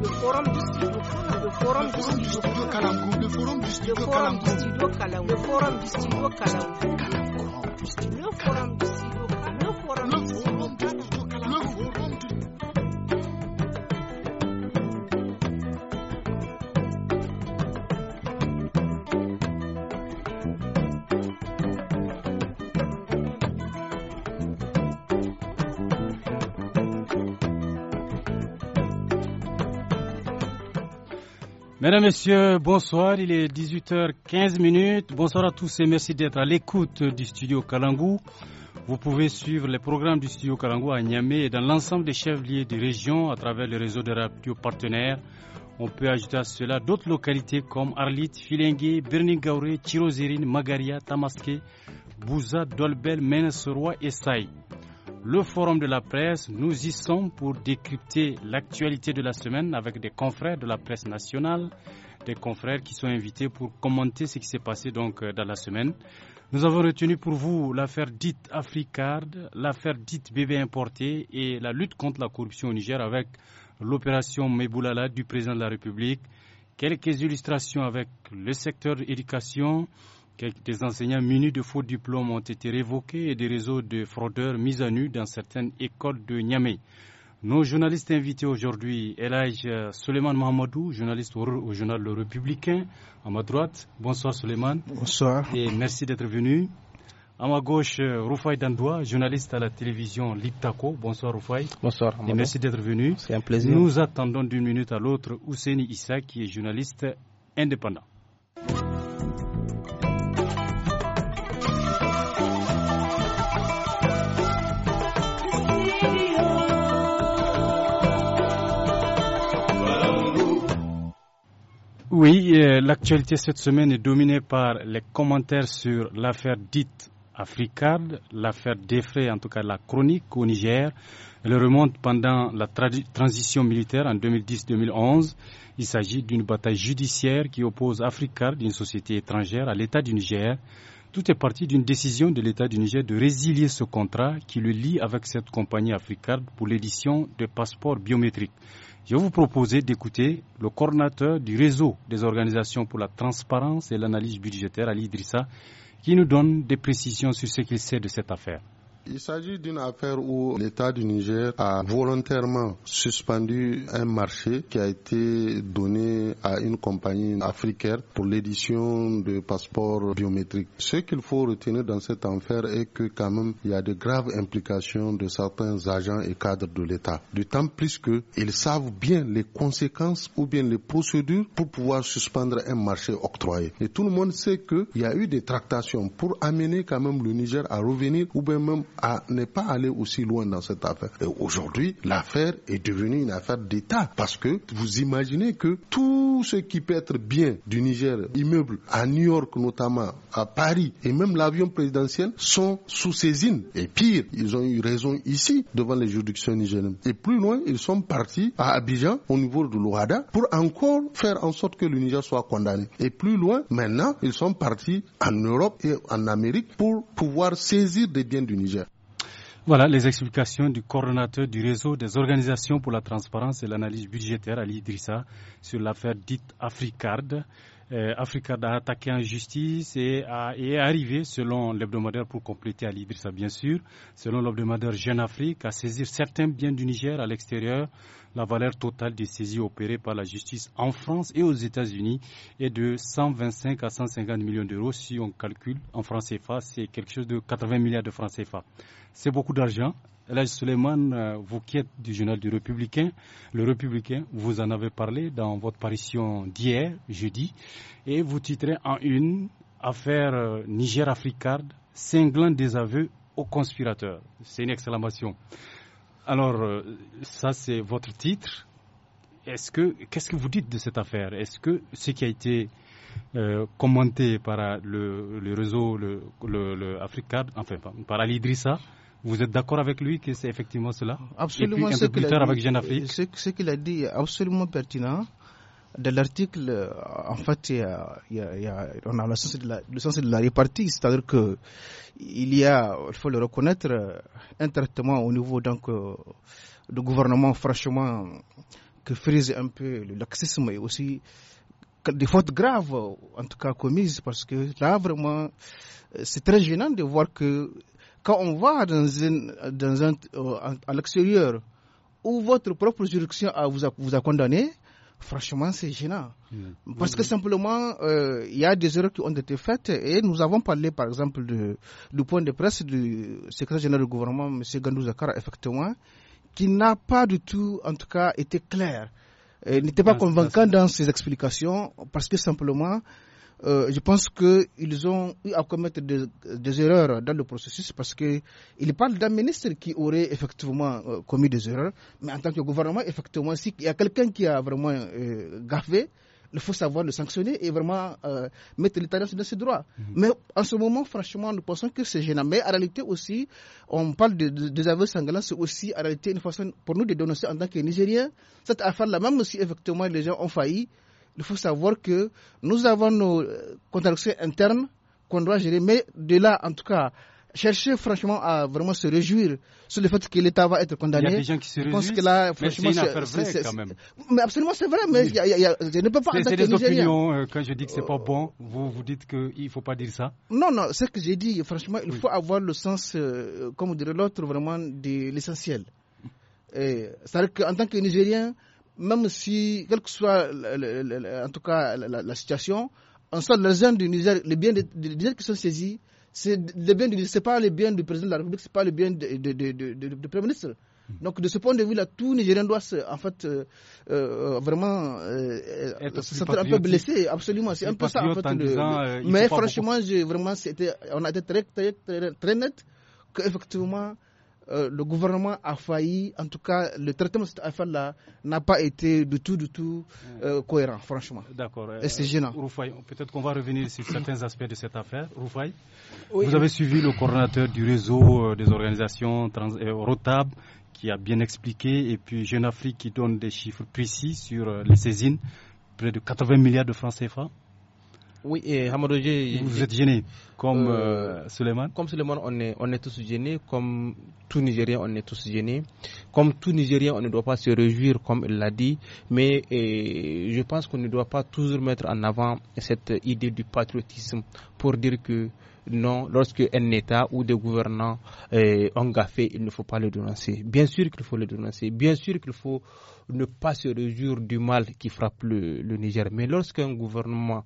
le forum du studio forum forum forum forum forum Mesdames, Messieurs, bonsoir. Il est 18h15 Bonsoir à tous et merci d'être à l'écoute du studio Kalangou. Vous pouvez suivre les programmes du studio Kalangou à Niamey et dans l'ensemble des chefs-lieux de régions à travers le réseau de radio partenaires. On peut ajouter à cela d'autres localités comme Arlit, Filengue, Berningaure, Tirozirine, Magaria, Tamaské, Bouza, Dolbel, Menesoroa et Saï. Le forum de la presse, nous y sommes pour décrypter l'actualité de la semaine avec des confrères de la presse nationale, des confrères qui sont invités pour commenter ce qui s'est passé donc euh, dans la semaine. Nous avons retenu pour vous l'affaire dite Africard, l'affaire dite bébé importé et la lutte contre la corruption au Niger avec l'opération Meboulala du président de la République. Quelques illustrations avec le secteur éducation, des enseignants munis de faux diplômes ont été révoqués et des réseaux de fraudeurs mis à nu dans certaines écoles de Niamey. Nos journalistes invités aujourd'hui, Elage Suleiman Mahamadou, journaliste au, journal Le Républicain, à ma droite. Bonsoir Suleiman. Bonsoir. Et merci d'être venu. À ma gauche, euh, Rufai Dandoua, journaliste à la télévision Liptako. Bonsoir Rufai. Bonsoir. Et merci d'être venu. C'est un plaisir. Nous attendons d'une minute à l'autre Ouseni Issa, qui est journaliste indépendant. Oui, euh, l'actualité cette semaine est dominée par les commentaires sur l'affaire dite Africard, l'affaire Defray, en tout cas la chronique au Niger. Elle remonte pendant la transition militaire en 2010-2011. Il s'agit d'une bataille judiciaire qui oppose Africard, une société étrangère, à l'État du Niger. Tout est parti d'une décision de l'État du Niger de résilier ce contrat qui le lie avec cette compagnie Africard pour l'édition de passeports biométriques. Je vous proposer d'écouter le coordinateur du réseau des organisations pour la transparence et l'analyse budgétaire, Ali Idrissa, qui nous donne des précisions sur ce qu'il sait de cette affaire. Il s'agit d'une affaire où l'État du Niger a volontairement suspendu un marché qui a été donné à une compagnie africaine pour l'édition de passeports biométriques. Ce qu'il faut retenir dans cette enfer est que quand même il y a de graves implications de certains agents et cadres de l'État. temps plus qu'ils savent bien les conséquences ou bien les procédures pour pouvoir suspendre un marché octroyé. Et tout le monde sait qu'il y a eu des tractations pour amener quand même le Niger à revenir ou bien même à ne pas aller aussi loin dans cette affaire. Et aujourd'hui, l'affaire est devenue une affaire d'État parce que vous imaginez que tout ce qui peut être bien du Niger, immeuble à New York notamment, à Paris et même l'avion présidentiel sont sous saisine. Et pire, ils ont eu raison ici devant les juridictions nigériennes. Et plus loin, ils sont partis à Abidjan au niveau de l'Ouada pour encore faire en sorte que le Niger soit condamné. Et plus loin, maintenant, ils sont partis en Europe et en Amérique pour pouvoir saisir des biens du Niger. Voilà les explications du coordonnateur du réseau des organisations pour la transparence et l'analyse budgétaire, à l'Idrissa sur l'affaire dite Africard. Euh, Africard a attaqué en justice et, est arrivé, selon l'hebdomadaire, pour compléter à l'Idrissa bien sûr, selon l'hebdomadaire Jeune Afrique, à saisir certains biens du Niger à l'extérieur la valeur totale des saisies opérées par la justice en France et aux États-Unis est de 125 à 150 millions d'euros. Si on calcule en francs CFA, c'est quelque chose de 80 milliards de francs CFA. C'est beaucoup d'argent. Là, Suleiman, euh, vous qui du journal du Républicain, le Républicain, vous en avez parlé dans votre parution d'hier, jeudi, et vous titrez en une affaire euh, Niger-Africard, cinglant des aveux aux conspirateurs. C'est une exclamation. Alors, euh, ça, c'est votre titre. Est-ce que, qu'est-ce que vous dites de cette affaire Est-ce que ce qui a été euh, commenté par euh, le, réseau, le, le, enfin, par Ali vous êtes d'accord avec lui que c'est effectivement cela Absolument. ce qu'il a dit est absolument pertinent de l'article, euh, en fait, il a, on a le sens de la, répartie, c'est-à-dire que il y a, il faut le reconnaître, euh, un au niveau donc euh, du gouvernement, franchement, que frise un peu le laxisme et aussi des fautes graves, en tout cas commises, parce que là vraiment, c'est très gênant de voir que quand on va dans, à l'extérieur où votre propre juridiction vous a condamné, franchement, c'est gênant. Hmm. Parce que simplement, euh, il y a des erreurs qui ont été faites et nous avons parlé, par exemple, du point de presse du secrétaire général du gouvernement, M. Gandou Zakara, effectivement, qui n'a pas du tout, en tout cas, été clair. n'était pas convaincant dans ses explications parce que simplement, euh, je pense qu'ils ont eu à commettre des, erreurs dans le processus parce qu'ils parlent d'un ministre qui aurait effectivement euh, commis des erreurs, mais en tant que gouvernement, effectivement, s'il y a quelqu'un qui a vraiment euh, gaffé, il faut savoir le sanctionner et vraiment mettre l'État dans ses droits. Mhm. Mais en ce moment, franchement, nous pensons que c'est gênant. Mais en réalité aussi, on parle de, des aveux sanglants, c'est aussi en réalité une façon pour nous de dénoncer en tant que Nigériens cette affaire-là, même si effectivement les gens ont failli il faut savoir que nous avons nos euh, contractions internes qu'on doit gérer. Mais de là, en tout cas, chercher franchement à vraiment se réjouir sur le fait que l'État va être condamné. Il y a des gens qui se réjouissent. Mais que là, franchement, c'est une affaire quand même. Mais absolument, c'est vrai. Mais y a, je ne peux pas. C'est des opinions. Euh, quand je dis que c'est pas bon, vous vous dites qu'il ne faut pas dire ça. Non, non. Ce que j'ai dit, franchement, il faut avoir le sens, euh, comme dirait l'autre, vraiment de l'essentiel. C'est-à-dire qu'en tant que Nigérien, même si, quelle que soit en tout cas la, situation, on sort du les biens qui sont saisis, c'est les biens pas les biens du président de la République, ce pas les biens du Premier ministre. Hmm. Donc de ce point de vue-là, tout Nigérien doit se, en fait euh, euh, vraiment euh, sentir un peu blessé, absolument. C'est un peu ça euh, mais franchement, je, vraiment, on a été très, très, très, très net qu'effectivement euh, le gouvernement a failli, en tout cas, le traitement de cette affaire-là n'a pas été du tout, du tout mm. euh, cohérent, franchement. D'accord. Euh, et c'est gênant. peut-être qu'on va revenir sur certains aspects de cette affaire. Roufaï, vous avez suivi le coordonnateur du réseau des organisations Rotab qui a bien expliqué, et puis Jeune Afrique qui donne des chiffres précis sur les saisines, près de 80 milliards de francs CFA. Oui, et Vous êtes gêné, comme euh, euh, Suleiman Comme Suleiman, on est, on est tous gênés. Comme tout Nigérien, on est tous gênés. Comme tout Nigérien, on ne doit pas se réjouir, comme il l'a dit. Mais je pense qu'on ne doit pas toujours mettre en avant cette idée du patriotisme pour dire que non, lorsque un État ou des gouvernants euh, ont gaffé, il ne faut pas le dénoncer. Bien sûr qu'il faut le dénoncer. Bien sûr qu'il faut ne pas se réjouir du mal qui frappe le, le Niger. Mais lorsqu'un gouvernement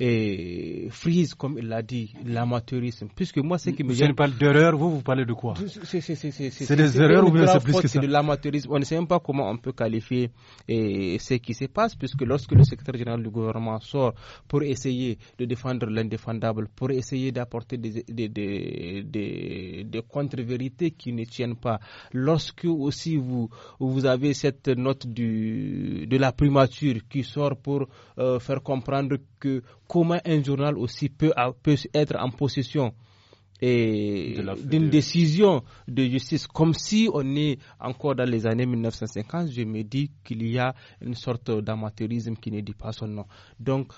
et frise, comme il l'a dit, l'amateurisme. Puisque moi, ce qui me gêne. Je parle d'erreur, vous, vous parlez de quoi C'est des erreurs ou bien c'est plus que ça de l'amateurisme. On ne sait même pas comment on peut qualifier ce qui se passe, puisque lorsque le secrétaire général du gouvernement sort pour essayer de défendre l'indéfendable, pour essayer d'apporter des, des, contre-vérités qui ne tiennent pas, lorsque aussi vous, vous avez cette note du, de la primature qui sort pour euh, faire comprendre que comment un journal aussi peut, être en possession d'une décision de justice, comme si on est encore dans les années 1950, je me dis qu'il y a une sorte d'amateurisme qui ne dit pas son nom. Donc,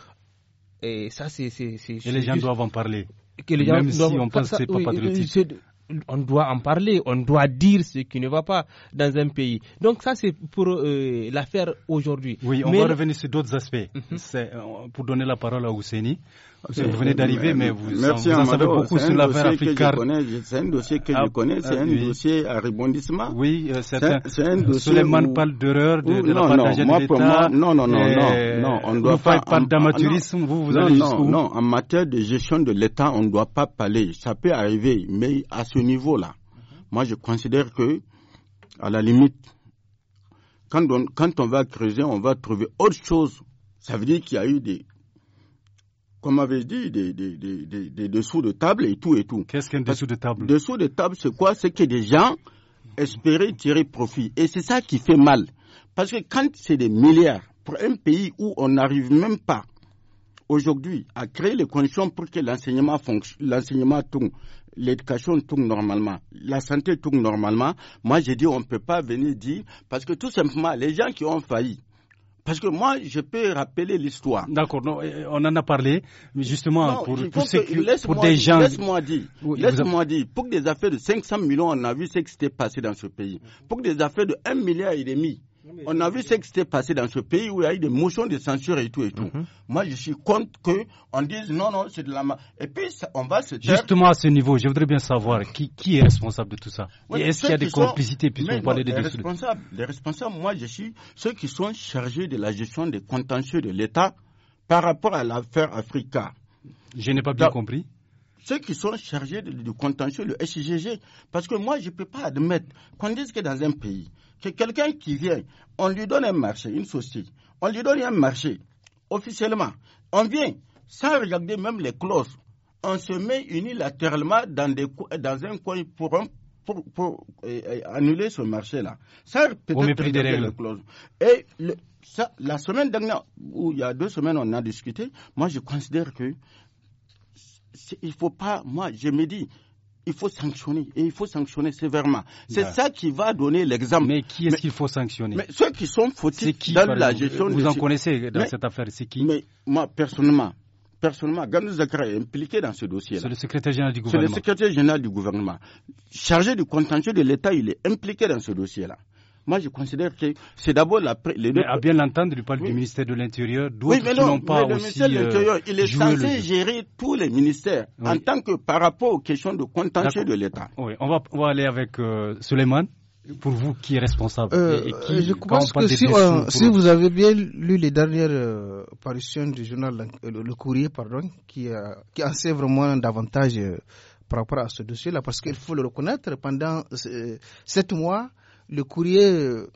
et ça, c'est. les gens doivent en parler. Même si on pense que ce n'est pas on doit en parler, on doit dire ce qui ne va pas dans un pays. Donc ça, c'est pour euh, l'affaire aujourd'hui. Oui, on va revenir sur d'autres aspects. Mhm. Euh, pour donner la parole à Ouseni, vous venez d'arriver, mais vous, Merci en, vous savez beaucoup sur l'affaire Africard. C'est un dossier que je ah, connais, c'est un ah, dossier à rebondissement. Oui, euh, c'est un, dossier. Suleiman où... parle d'erreur, de, de, non, la part non, de l'État. Non, non, non, non, non, doit pas. parler d'amateurisme, ah, vous, vous non, allez jusqu'où Non, non, en matière de gestion de l'État, on ne doit pas parler. Ça peut arriver, mais à ce niveau-là, moi je considère que, à la limite, quand on va creuser, on va trouver autre chose. Ça veut dire qu'il y a eu des comme avait dit, des, des, des, des, dessous de table et tout et tout. Qu'est-ce qu'un dessous de table Dessous de table, c'est quoi C'est que des gens espéraient tirer profit. Et c'est ça qui fait mal. Parce que quand c'est des milliards, pour un pays où on n'arrive même pas aujourd'hui à créer les conditions pour que l'enseignement fonctionne, l'enseignement tourne, l'éducation tourne normalement, la santé tourne normalement, moi j'ai dit on ne peut pas venir dire, parce que tout simplement, les gens qui ont failli, parce que moi, je peux rappeler l'histoire. D'accord, euh, on en a parlé, mais justement, pour, pour, des gens... Laisse-moi dire, laisse-moi dire, pour des affaires de 500 millions, on a vu ce qui s'était passé dans ce pays. Pour des affaires de 1 milliard et demi, on a vu ce qui s'était passé dans ce pays où il y a eu des motions de censure et tout et tout. Mhm. Moi, je suis contre qu'on dise non, non, c'est de la. Et puis, on va se Justement, à ce niveau, je voudrais bien savoir qui, qui est responsable de tout ça. et est-ce qu'il y a des complicités puisqu'on parlait des les responsables, les responsables, moi, je suis ceux qui sont chargés de la gestion des contentieux de l'État par rapport à l'affaire Africa. Je n'ai pas bien compris ceux qui sont chargés du contentieux, le SGG. Parce que moi, je ne peux pas admettre qu'on dise que dans un pays, que quelqu'un qui vient, on lui donne un marché, une société, on lui donne un marché, officiellement, on vient sans regarder même les clauses. On se met unilatéralement dans, un coin pour, euh, euh, annuler ce marché-là. Sans peut-être les clauses. Et la semaine dernière, ou il y a deux semaines, on a discuté. Moi, je considère que il faut pas. Moi, je me dis, il faut sanctionner et il faut sanctionner sévèrement. C'est bah. ça qui va donner l'exemple. Mais qui est-ce qu'il faut sanctionner mais Ceux qui sont fautifs dans la gestion. Vous, vous en connaissez dans cette affaire, c'est qui Mais moi, personnellement, personnellement, Gandou Zakra est impliqué dans ce dossier-là. C'est le secrétaire général du gouvernement. C'est le secrétaire général du gouvernement. Chargé du contentieux de l'État, il est impliqué dans ce dossier-là. Moi, je considère que c'est d'abord la. mais à bien l'entendre, il parle du ministère de l'Intérieur, oui, pas mais Le ministère de euh, l'Intérieur, il est censé gérer tous les ministères en tant que par rapport aux questions de contentieux de l'État. Oui, on va, aller avec euh, pour vous qui est responsable euh, Je pense que si, vous avez bien lu les dernières euh, parutions du journal le, Courrier, pardon, qui, qui en vraiment davantage par rapport à ce dossier-là, parce qu'il faut le reconnaître, pendant sept mois, le courrier euh,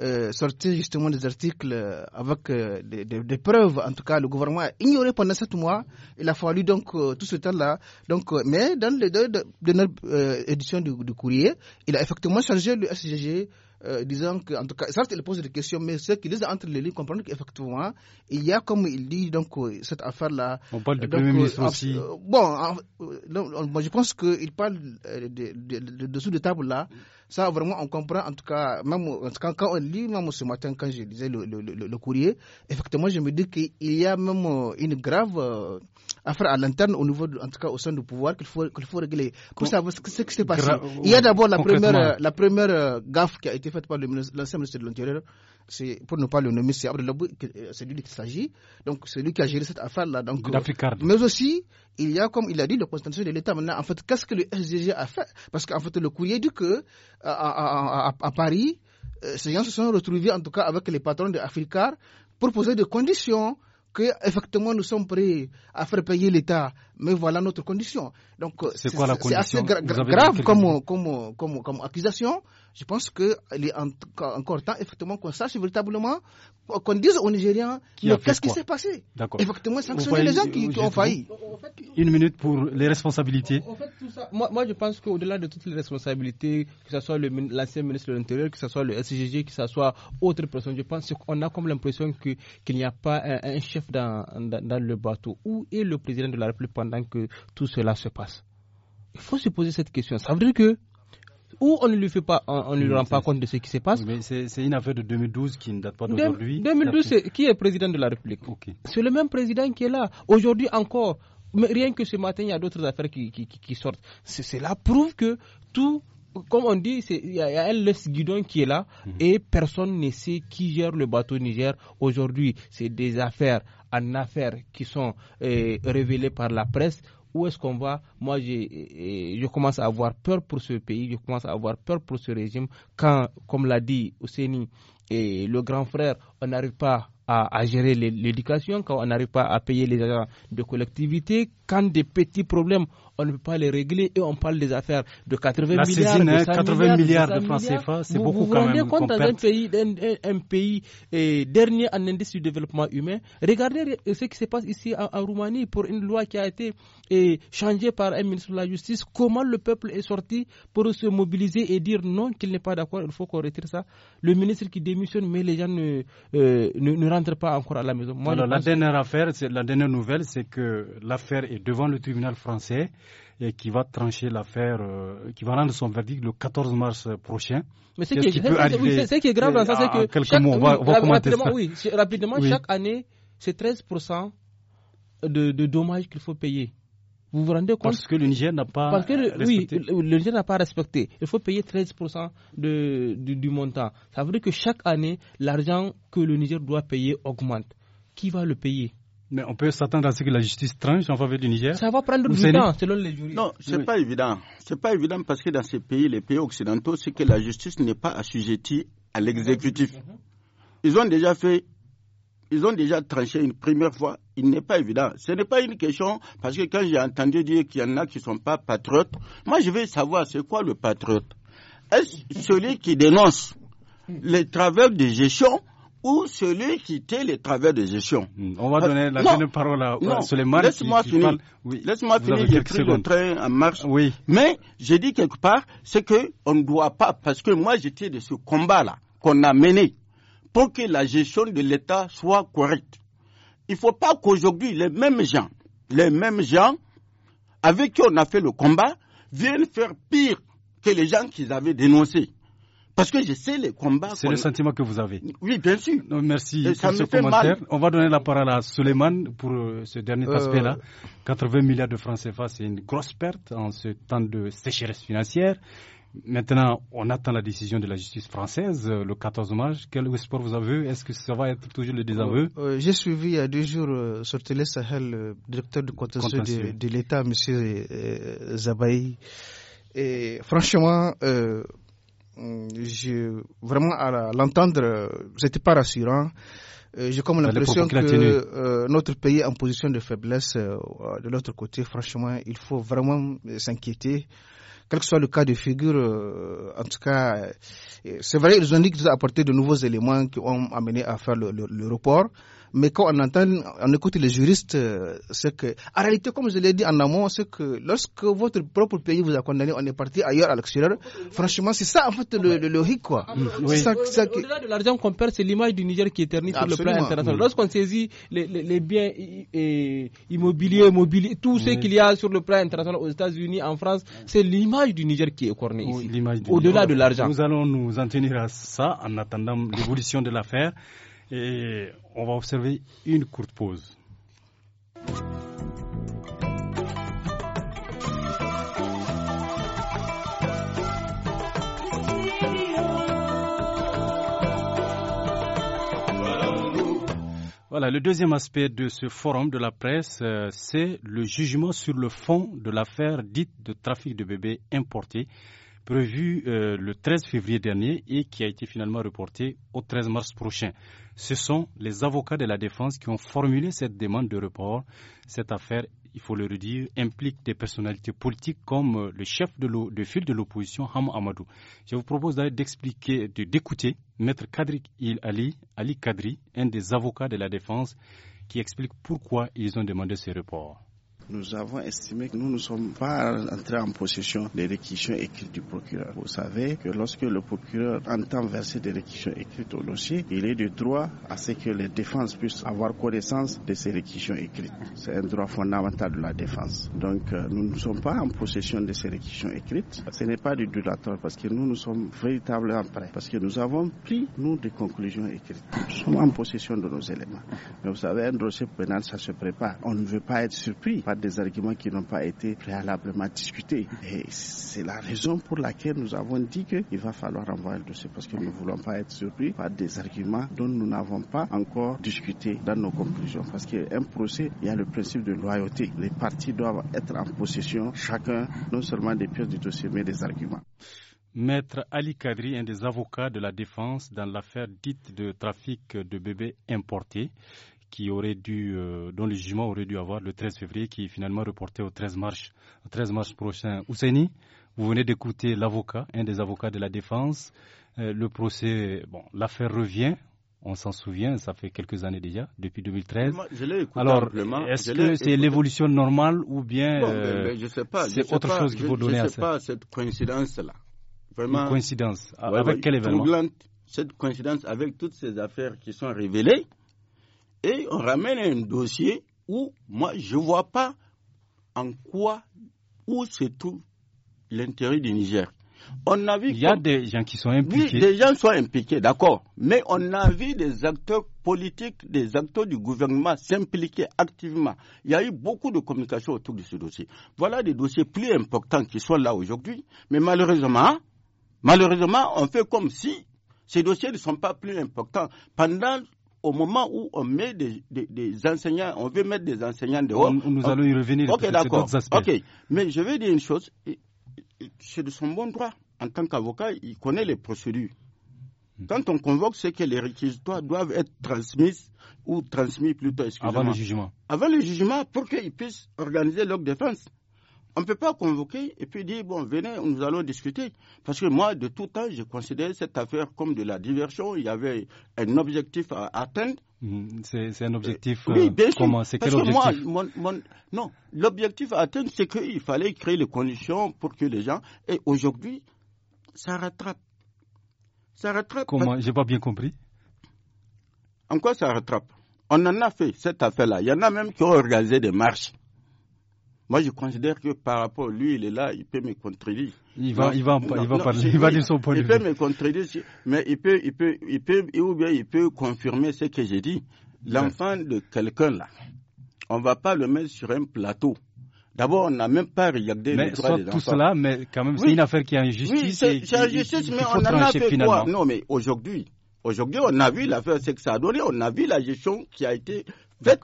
euh justement des articles euh, avec euh, des, preuves. En tout cas, le gouvernement a ignoré pendant sept mois. Il a fallu donc tout ce temps-là. Donc, mais dans les deux de, de édition du, courrier, il a effectivement changé le SGG euh, disant que, en tout cas, certes, il pose des questions, mais ceux qui lisent entre les lignes comprennent qu'effectivement, il y a, comme il dit, donc, euh, cette affaire-là. On parle euh, Premier ministre aussi. bon, moi, je pense qu'il parle de, de, dessous de table là. Ça, vraiment, on comprend, en tout cas, même quand, quand on lit, même ce matin, quand je lisais le, le courrier, effectivement, je me dis qu'il y a même une grave affaire à l'interne, au niveau, en tout cas au sein du pouvoir, qu'il faut, qu'il faut régler. Pour savoir ce, qui s'est passé. Il y a d'abord la première, la première euh, gaffe qui a été faite par l'ancien ministre de l'Intérieur, c'est, pour ne pas le nommer, c'est Abdelabou, euh, c'est lui qu'il s'agit. Donc, c'est lui qui a géré cette affaire-là. Donc, euh, mais aussi, il y a, comme il a dit, le constitution de l'État. Maintenant, en fait, qu'est-ce que le SDG a fait? Parce qu'en fait, le courrier dit que, à, à, Paris, ces gens se sont retrouvés, en tout cas, avec les patrons de pour poser des conditions que effectivement nous sommes prêts à faire payer l'État, mais voilà notre condition. Donc c'est assez grave comme, comme, comme, comme, accusation. Je pense qu'il est encore temps, effectivement, qu'on sache véritablement, euh, qu'on dise aux Nigériens qu'est-ce qui s'est passé. Effectivement, sanctionner les gens qui, ont failli. Une minute pour les responsabilités. moi, je pense qu'au-delà de toutes les responsabilités, que ce soit l'ancien ministre de l'Intérieur, que ce soit le SGG, que ce soit autre personne, je pense qu'on a comme l'impression qu'il n'y a pas un, chef dans, dans, dans le bateau. Où est le président de la République pendant que tout cela se passe il faut se poser cette question. Ça veut dire que ou on ne lui fait pas, on, ne lui rend pas compte de ce qui se passe. Mais c'est une affaire de 2012 qui ne date pas d'aujourd'hui. 2012, qui est président de la République C'est le même président qui est là. Aujourd'hui encore, mais rien que ce matin, il y a d'autres affaires qui, sortent. Cela prouve que tout comme on dit, il y, a un laisse guidon qui est là mhm. et personne ne sait qui gère le bateau Niger. Aujourd'hui, c'est des affaires en affaires qui sont euh, révélées par la presse où est-ce qu'on va Moi, euh, euh, je, commence à avoir peur pour ce pays, je commence à avoir peur pour ce régime. Quand, comme l'a dit Ouseni et le grand frère, on n'arrive pas à, gérer l'éducation, quand on n'arrive pas à payer les agents de collectivité, quand des petits problèmes, on ne peut pas les régler et on parle des affaires de 80 milliards, de francs CFA, c'est beaucoup quand même. Vous vous rendez compte dans un pays, un, pays eh, dernier en indice du développement humain, regardez ce qui se passe ici en, Roumanie pour une loi qui a été eh, changée par un ministre de la Justice, comment le peuple est sorti pour se mobiliser et dire non qu'il n'est pas d'accord, il faut qu'on retire ça. Le ministre qui démissionne, mais les gens ne, eh, ne pas encore à la maison. Alors, la dernière affaire, la dernière nouvelle, c'est que l'affaire est devant le tribunal français et qui va trancher l'affaire, euh, qui va rendre son verdict le 14 mars prochain. Mais ce, qui, est, peut est grave dans hein, ça, c'est que chaque, on va, ça. Oui, rapidement chaque année, c'est 13% de, de dommages qu'il faut payer. Vous vous rendez compte Parce que le Niger n'a pas respecté. le Niger n'a pas respecté. Il faut payer 13% de, du, montant. Ça veut dire que chaque année, l'argent que le Niger doit payer augmente. Qui va le payer mais on peut s'attendre à ce que la justice tranche en faveur du Niger Ça va prendre du temps, selon les juristes. Non, ce n'est pas évident. Ce n'est pas évident parce que dans ces pays, les pays occidentaux, c'est que la justice n'est pas assujettie à l'exécutif. Mhm. Ils ont déjà fait, ils ont déjà tranché une première fois, il n'est pas évident. Ce n'est pas une question, parce que quand j'ai entendu dire qu'il y en a qui ne sont pas patriotes, moi je veux savoir c'est quoi le patriote. Est-ce celui qui dénonce les travers de gestion ou celui qui tait les travers de gestion On va donner la non, parole à, euh, non, Suleiman. Laisse-moi finir. Laisse-moi finir. J'ai pris le train en marche. Mais j'ai dit quelque part, c'est qu'on ne doit pas, parce que moi j'étais de ce combat-là qu'on a mené pour que la gestion de l'État soit correcte. Il ne faut pas qu'aujourd'hui les mêmes gens, les mêmes gens avec qui on a fait le combat, viennent faire pire que les gens qu'ils avaient dénoncés. Parce que je sais les combats. C'est le sentiment que vous avez. Oui, bien sûr. Euh, merci pour ce commentaire. On va donner la parole à Suleiman pour euh, ce dernier euh. aspect-là. 80 milliards de francs CFA, c'est une grosse perte en ce temps de sécheresse financière. Maintenant, on attend la décision de la justice française euh, le 14 mars. Quel espoir vous avez Est-ce que ça va être toujours le désaveu euh, euh, J'ai suivi il y a deux jours sur Télé Sahel le directeur de contentieux, de, l'État, M. Zabaï. Et franchement, vraiment à l'entendre, c'était pas rassurant. J'ai comme l'impression que notre pays est en position de faiblesse. de l'autre côté, franchement, il faut vraiment s'inquiéter quel que soit le cas de figure, euh, en tout cas, euh, c'est vrai, ils ont dit qu'ils ont apporté de nouveaux éléments qui ont amené à faire le, le report. Mais quand on entend, on écoute les juristes, euh, c'est que, en réalité, comme je l'ai dit en amont, c'est que lorsque votre propre pays vous a condamné, on est parti ailleurs à l'extérieur. Franchement, c'est ça en fait le, le, hic, quoi. Mm. Au-delà de l'argent qu'on perd, c'est l'image du Niger qui est ternie sur le plan international. Mm. Lorsqu'on saisit les, les, biens et immobiliers, tout ce mm. qu'il y a sur le plan international aux États-Unis, en France, c'est l'image du Niger qui est cornée ici. Au-delà de l'argent. Nous allons nous en tenir à ça en attendant l'évolution de l'affaire. Et on va observer une courte pause. Voilà, le deuxième aspect de ce forum de la presse, euh, c'est le jugement sur le fond de l'affaire dite de trafic de bébés importés prévu euh, le 13 février dernier et qui a été finalement reporté au 13 mars prochain. Ce sont les avocats de la défense qui ont formulé cette demande de report. Cette affaire, il faut le redire, implique des personnalités politiques comme euh, le chef de, file de l'opposition, Ham Amadou. Je vous propose d'expliquer, d'écouter Maître Kadri Ali, Ali Kadri, un des avocats de la défense, qui explique pourquoi ils ont demandé ce report nous avons estimé que nous ne sommes pas entrés en possession des réquisitions écrites du procureur. Vous savez que lorsque le procureur entend verser des réquisitions écrites au dossier, il est du droit à ce que les défenses puissent avoir connaissance de ces réquisitions écrites. C'est un droit fondamental de la défense. Donc euh, nous ne sommes pas en possession de ces réquisitions écrites. Ce n'est pas du dilatoire parce que nous nous sommes véritablement prêts parce que nous avons pris nous des conclusions écrites. Nous sommes en possession de nos éléments. Mais vous savez, un dossier pénal, ça se prépare. On ne veut pas être surpris des arguments qui n'ont pas été préalablement discutés. Et c'est la raison pour laquelle nous avons dit qu'il va falloir envoyer le dossier parce que nous ne voulons pas être surpris par des arguments dont nous n'avons pas encore discuté dans nos conclusions. Parce qu'un procès, il y a le principe de loyauté. Les parties doivent être en possession, chacun, non seulement des pièces du dossier, mais des arguments. Maître Ali Kadri, un des avocats de la défense dans l'affaire dite de trafic de bébés importés, qui aurait dû, euh, dont le jugement aurait dû avoir le 13 février, qui est finalement reporté au 13 mars, 13 mars prochain. Ousseini, vous venez d'écouter l'avocat, un des avocats de la défense. Euh, le procès, bon, l'affaire revient. On s'en souvient, ça fait quelques années déjà, depuis 2013. Alors, est-ce que c'est l'évolution normale ou bien c'est autre chose qu'il faut donner à ça Je ne sais pas cette coïncidence-là. Vraiment. Une coïncidence. avec quel événement Cette coïncidence avec toutes ces affaires qui sont révélées et on ramène un dossier où moi je ne vois pas en quoi, où se trouve l'intérêt du Niger. On a vu Il y a des gens qui sont impliqués. Oui, des gens sont impliqués, d'accord. Mais on a vu des acteurs politiques, des acteurs du gouvernement s'impliquer activement. Il y a eu beaucoup de communication autour de ce dossier. Voilà des dossiers plus importants qui sont là aujourd'hui. Mais malheureusement, malheureusement, on fait comme si ces dossiers ne sont pas plus importants. Pendant au moment où on met des, des, enseignants, on veut mettre des enseignants dehors. On, nous allons y revenir. Ok, d'accord. mais je vais dire une chose. C'est de son bon droit. En tant qu'avocat, il connaît les procédures. Hmm. Quand on convoque, c'est que les réquisitoires doivent être transmis ou transmis plutôt, Avant le jugement. Avant le jugement, pour qu'ils puissent organiser leur défense. On ne peut pas convoquer et puis dire, bon, venez, nous allons discuter. Parce que moi, de tout temps, je considère cette affaire comme de la diversion. Il y avait un objectif à atteindre. Mhm. C'est un objectif. oui, euh, bien Comment, c'est quel objectif moi, Non, l'objectif à atteindre, c'est qu'il fallait créer les conditions pour que les gens. Et aujourd'hui, ça rattrape. Ça rattrape. Comment J'ai pas bien compris. En quoi ça rattrape On en a fait cette affaire-là. Il y en a même qui ont organisé des marches. Moi, je considère que par rapport, à lui, il est là, il peut me contredire. Il va, il va, il va parler, il va dire son point de vue. Il peut me contredire, mais il peut, il peut, il peut, ou bien il peut confirmer ce que j'ai dit. L'enfant de quelqu'un là, on ne va pas le mettre sur un plateau. D'abord, on n'a même pas regardé mais le des tout cela, mais quand même, c'est une affaire qui est en justice. Oui, c'est en justice, mais on en a fait quoi Non, mais aujourd'hui, aujourd'hui, on a vu l'affaire, c'est que ça a donné, on a vu la gestion qui a été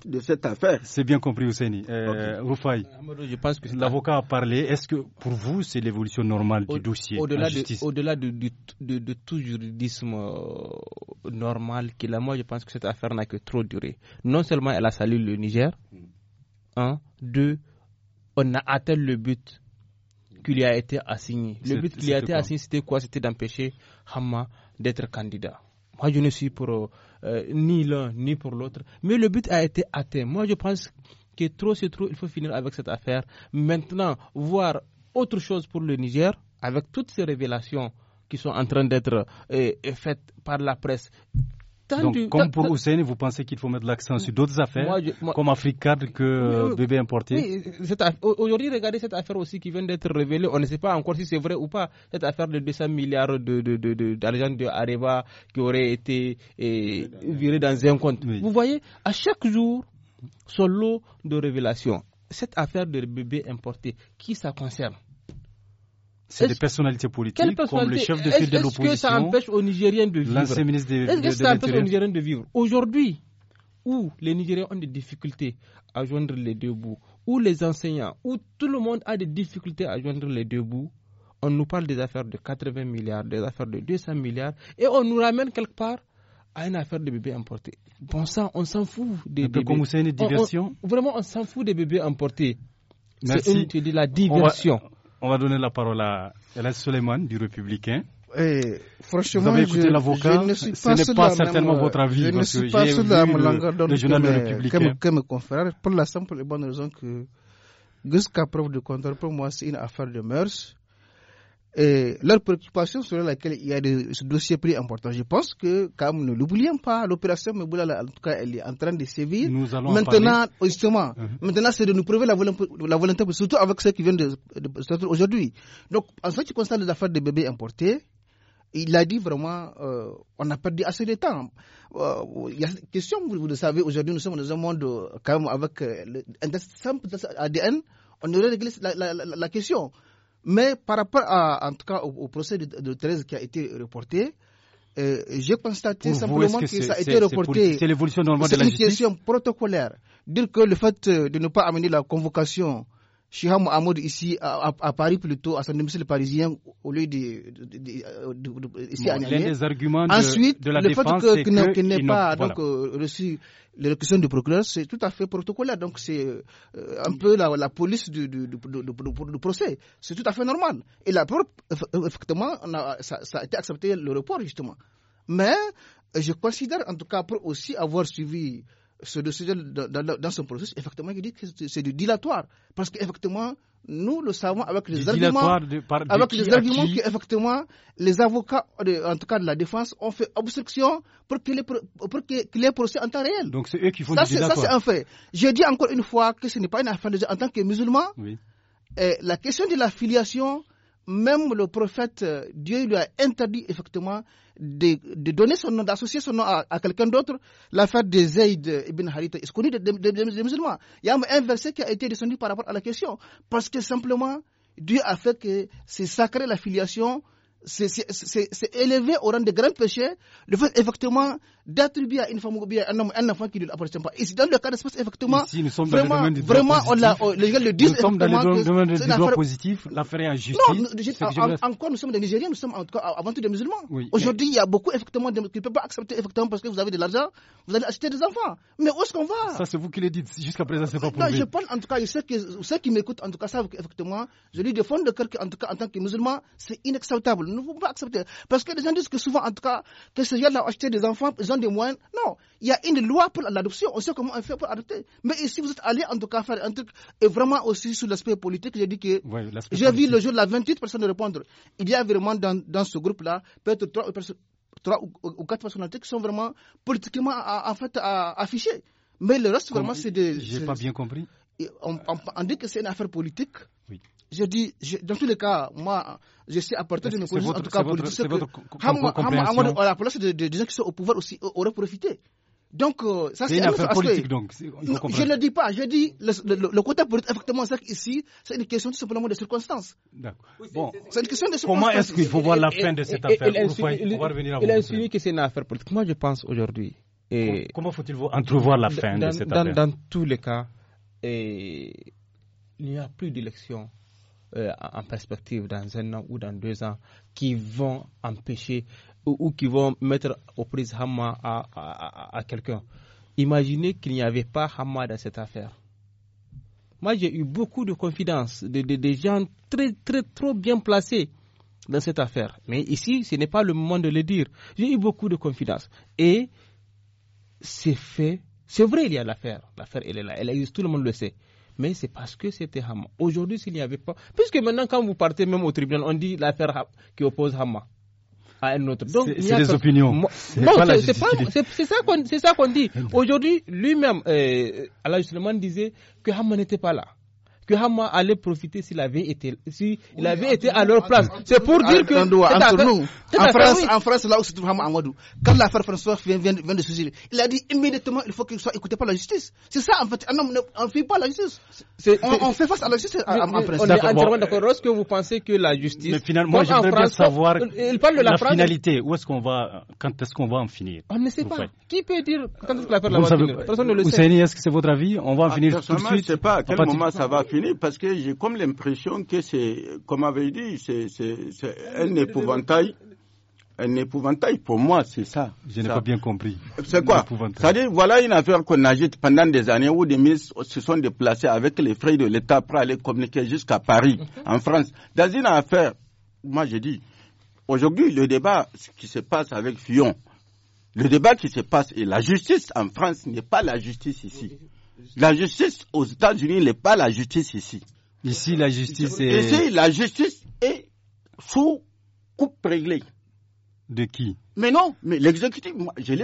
de cette affaire. C'est bien compris, Ouseni. Euh, je pense l'avocat a parlé. Est-ce que pour vous, c'est l'évolution normale du dossier Au-delà de, au de, de, tout juridisme euh, normal qu'il a, moi, je pense que cette affaire n'a que trop duré. Non seulement elle a salué le Niger, mm. un, deux, on a atteint le but qui lui a été assigné. Le but qui lui a été assigné, c'était quoi C'était d'empêcher Hama d'être candidat. Moi, je ne suis pour euh, ni l'un ni pour l'autre. Mais le but a été atteint. Moi, je pense que trop c'est trop. Il faut finir avec cette affaire. Maintenant, voir autre chose pour le Niger, avec toutes ces révélations qui sont en train d'être euh, faites par la presse, donc, Comme pour Hussein, vous pensez qu'il faut mettre l'accent mm. sur d'autres affaires, comme Africard que euh, bébé importé Aujourd'hui, regardez cette affaire aussi qui vient d'être révélée. On ne sait pas encore si c'est vrai ou pas. Cette affaire de 200 milliards d'argent de, Areva qui aurait été virée eh, viré dans un compte. Vous voyez, à chaque jour, ce lot de révélations. Cette affaire de bébé importé, qui ça concerne c'est des personnalités politiques comme le chef de file de l'opposition. est que ça empêche aux Nigériens de vivre L'ancien ministre de, Est-ce que ça empêche aux Nigériens de vivre Aujourd'hui, où les Nigériens ont des difficultés à joindre les deux bouts, où les enseignants, où tout le monde a des difficultés à joindre les deux bouts, on nous parle des affaires de 80 milliards, des affaires de 200 milliards, et on nous ramène quelque part à une affaire de bébés importés. Bon sang, on s'en fout des bébés. Comme une diversion. vraiment, on s'en fout des bébés emportés. C'est une, la diversion. On va donner la parole à Hélène Soleiman du Républicain. Et eh, franchement, vous avez écouté l'avocat, ce n'est pas certainement euh, votre avis. Je ne suis pas sur la langue longueur journal que, mes confrères, pour la simple et bonne raison que, jusqu'à preuve du contraire, pour moi, c'est une affaire de mœurs et leur préoccupation sur laquelle il y a ce dossier plus important. Je pense que, même, ne l'oublions pas, l'opération Meboula, en tout cas, elle est en train de sévir. Nous allons maintenant, justement, uh-huh. maintenant, c'est de nous prouver la volonté, la volonté, surtout avec ceux qui viennent de, aujourd'hui. Donc, en ce qui concerne les affaires des bébés importés, il a dit vraiment, euh, on a perdu assez de temps. Euh, il y a question, vous, vous le savez, aujourd'hui, nous sommes dans un monde, quand euh, même, avec simple ADN, on aurait réglé la, la, la question. Mais par rapport à, en tout cas, au, procès de, Thérèse qui a été reporté, euh, j'ai constaté simplement que, ça a été reporté. C'est l'évolution de la justice. C'est une question protocolaire. Dire que le fait euh, de ne pas amener la convocation Chiham Mohamed ici à, à, Paris plutôt, à son domicile parisien, au lieu de, de, de, ici des arguments Ensuite, de, le fait qu'il n'ait pas donc, euh, reçu l'élection du procureur, c'est tout à fait protocolaire. Donc c'est euh, un peu la, police du, du, du, procès. C'est tout à fait normal. Et la preuve, effectivement, ça, ça, a été accepté le report justement. Mais je considère en tout cas pour aussi avoir suivi se décider dans, son processus, effectivement, il dit que c'est du dilatoire. Parce qu'effectivement, nous le savons avec les arguments, avec les arguments que, effectivement, les avocats, en tout cas de la défense, ont fait obstruction pour qu'il y, que que ait procès en temps réel. Donc c'est eux qui font du dilatoire. Ça, c'est un fait. Je dis encore une fois que ce n'est pas une affaire En tant que musulman, la question de la filiation même le prophète, euh, Dieu lui a interdit effectivement de, donner son nom, d'associer son nom à, quelqu'un d'autre. L'affaire de Zayd euh, ibn Haritha est connue des musulmans. Il y a un verset qui a été descendu par rapport à la question. Parce que simplement, Dieu a fait que c'est sacré la filiation c'est élevé au rang de grands péchés le fait effectivement d'attribuer à une femme ou bien à un homme un enfant qui ne lui appartient pas. Ici, dans le cas d'espèce, effectivement, vraiment, vraiment on la, euh, les gens le disent. Nous sommes dans le domaine du droit positif, l'affaire est en Non, en, encore, nous sommes des Nigériens, nous sommes avant tout des musulmans. Aujourd'hui, il y a beaucoup effectivement qui ne peuvent pas accepter effectivement parce que vous avez de l'argent, vous allez acheter des enfants. Mais où est-ce qu'on va Ça, c'est vous qui le dites. Jusqu'à présent, c'est pas pour Non, je parle en tout cas, ceux qui, ceux qui m'écoutent, en tout cas, savent qu'effectivement, je lui défends de cœur qu'en tout cas, en tant que musulman, c'est inacceptable ne pouvons pas accepter. Parce que les gens disent que souvent, en tout cas, que ces gens-là ont acheté des enfants, ils ont des moyens. Non, il y a une loi pour l'adoption. On sait comment on fait pour adopter. Mais ici, vous êtes allé en tout cas faire un truc. Et vraiment aussi sur l'aspect politique, j'ai dit que j'ai vu le jour la 28 personnes répondre. Il y a vraiment dans, ce groupe-là, peut-être trois ou, quatre personnes qui sont vraiment politiquement en fait affichées. Mais le reste, vraiment, c'est des. J'ai pas bien compris. On, on, dit que c'est une affaire politique. Oui. Je dis, dans tous les cas, moi, je suis à partir de position en tout cas politique, que la place des de, gens qui sont au pouvoir aussi, auraient profité. Donc, euh, ça, c'est une affaire politique, donc, je ne le dis pas. Je dis le, côté politique, effectivement, c'est ici, c'est une question tout simplement de circonstances. D'accord. bon. C'est une question de circonstances. Comment est-ce qu'il faut voir la fin de cette affaire Il a insinué que c'est une affaire politique. Moi, je pense aujourd'hui. Comment faut-il entrevoir la fin de cette affaire Dans tous les cas, il n'y a plus d'élection euh, en perspective dans un an ou dans deux ans qui vont empêcher ou, qui vont mettre aux prises Hamma à, à, à, quelqu'un. Imaginez qu'il n'y avait pas Hamma dans cette affaire. Moi, j'ai eu beaucoup de confidence, de, gens très, très, trop bien placés dans cette affaire. Mais ici, ce n'est pas le moment de le dire. J'ai eu beaucoup de confidence. Et c'est fait. C'est vrai, il y a l'affaire. L'affaire, elle est là. Elle existe, tout le monde le sait mais c'est parce que c'était Hama. Aujourd'hui, s'il n'y avait pas. Puisque maintenant, quand vous partez même au tribunal, on dit l'affaire qui oppose Hama à un autre. Donc, c'est des opinions. C'est ça qu'on dit. Aujourd'hui, lui-même, euh, Allah justement disait que Hama n'était pas là que Hama allait profiter s'il avait été, si il avait été à leur place. C'est pour dire que. en France, en France, là où se trouve Hama Amadou, quand l'affaire François vient, de se gérer, il a dit immédiatement il faut qu'il soit écouté par la justice. C'est ça, en fait. on ne fait pas la justice. On, fait face à la justice en France. On est entièrement d'accord. Est-ce que vous pensez que la justice. Mais finalement, moi, je bien savoir. Il parle de la, finalité. Où est-ce qu'on va. Quand est-ce qu'on va en finir On ne sait pas. Qui peut dire quand est-ce que l'affaire va finir Personne ne le sait. est-ce que c'est votre avis On va en finir tout de suite. Je ne sais pas à quel moment ça va finir parce que j'ai comme l'impression que c'est, comme avait dit, c'est un épouvantail. Un épouvantail pour moi, c'est ça. Je n'ai pas bien compris. C'est quoi C'est-à-dire, voilà une affaire qu'on agite pendant des années où des ministres se sont déplacés avec les frais de l'État pour aller communiquer jusqu'à Paris, mhm. en France. Dans une affaire, moi j'ai dit, aujourd'hui, le débat, qui se passe avec Fillon, le débat qui se passe et la justice en France n'est pas la justice ici. La justice aux États-Unis n'est pas la justice ici. Ici, la justice est... Ici, la justice est sous coupe réglée. De qui Mais non, mais l'exécutif, moi, je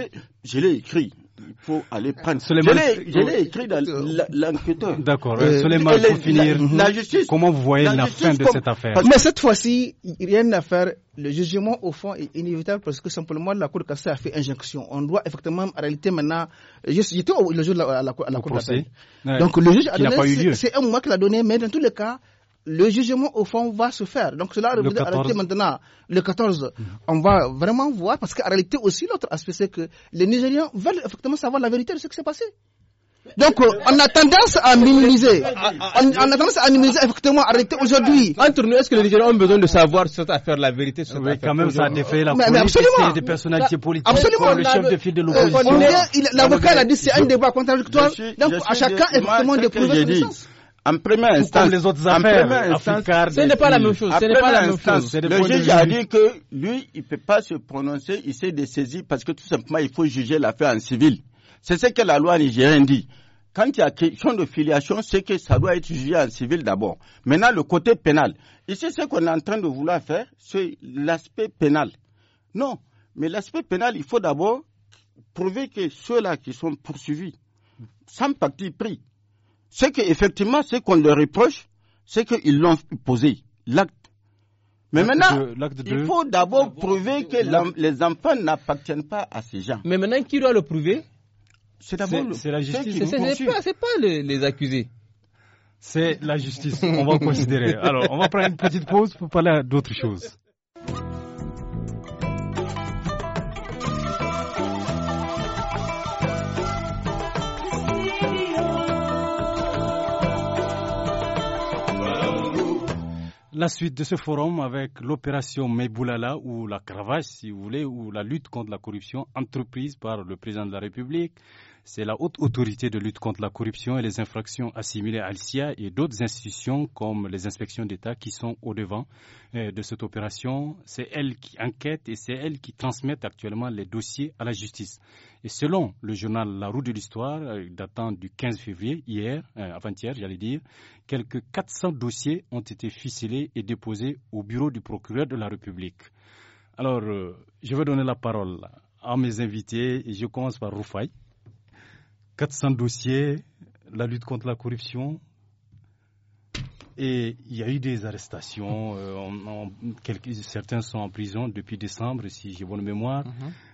l'ai écrit il faut aller prendre. Euh, je l'ai euh, écrit dans euh, l'enquêteur. D'accord. Euh, faut pour finir, la, justice, comment vous voyez la, fin de cette affaire Mais cette fois-ci, il rien à faire. Le jugement, au fond, est inévitable parce que simplement la Cour de cassation a fait injonction. On doit effectivement, en réalité, maintenant. J'étais le jour à la, Cour de cassation. Donc le juge a donné. C'est un mois qu'il a donné, mais dans tous les cas le jugement au fond va se faire. Donc cela revient à maintenant, le 14. Mhm. On va vraiment voir, parce qu'en réalité aussi, l'autre aspect, c'est que les Nigériens veulent effectivement savoir la vérité de ce qui s'est passé. Donc, on a tendance à minimiser. On, a tendance à minimiser, effectivement, arrêter aujourd'hui. Entre nous, est-ce que les Nigériens ont besoin de savoir cette affaire, la vérité sur cette quand même, ça a la mais, mais absolument. des personnalités politiques. Absolument. Le chef de file de euh, l'opposition. L'avocat l'a dit, c'est un débat contradictoire. Donc, à chacun, effectivement, de prouver son innocence en première instance, les autres instance, ce n'est pas la même chose. Ce n'est pas la même chose. Le juge a dit que lui, il ne peut pas se prononcer, il s'est dessaisi parce que tout simplement, il faut juger l'affaire en civil. C'est ce que la loi nigérienne dit. Quand il y a question de filiation, c'est que ça doit être jugé en civil d'abord. Maintenant, le côté pénal. Ici, ce qu'on est en train de vouloir faire, c'est l'aspect pénal. Non, mais l'aspect pénal, il faut d'abord prouver que ceux-là qui sont poursuivis, sans parti pris, ce qu'effectivement, ce qu'on leur reproche, c'est qu'ils l'ont posé, l'acte. Mais maintenant, il faut d'abord prouver que les enfants n'appartiennent pas à ces gens. Mais maintenant, qui doit le prouver C'est d'abord la justice. Ce n'est pas, les, les accusés. C'est la justice. On va considérer. Alors, on va prendre une petite pause pour parler d'autres choses. La suite de ce forum avec l'opération Meboulala ou la cravache, si vous voulez, ou la lutte contre la corruption entreprise par le président de la République, c'est la haute autorité de lutte contre la corruption et les infractions assimilées à Alcia et d'autres institutions comme les inspections d'État qui sont au devant euh, de cette opération. C'est elle qui enquête et c'est elle qui transmet actuellement les dossiers à la justice. Et selon le journal La Roue de l'Histoire, euh, datant du 15 février, hier, euh, avant-hier, j'allais dire, quelques 400 dossiers ont été ficelés et déposés au bureau du procureur de la République. Alors, je vais donner la parole à mes invités et je commence par Roufaï. 400 dossiers, la lutte contre la corruption. Et il y a eu des arrestations. Euh, certains sont en prison depuis décembre, si j'ai bonne mémoire. Mhm.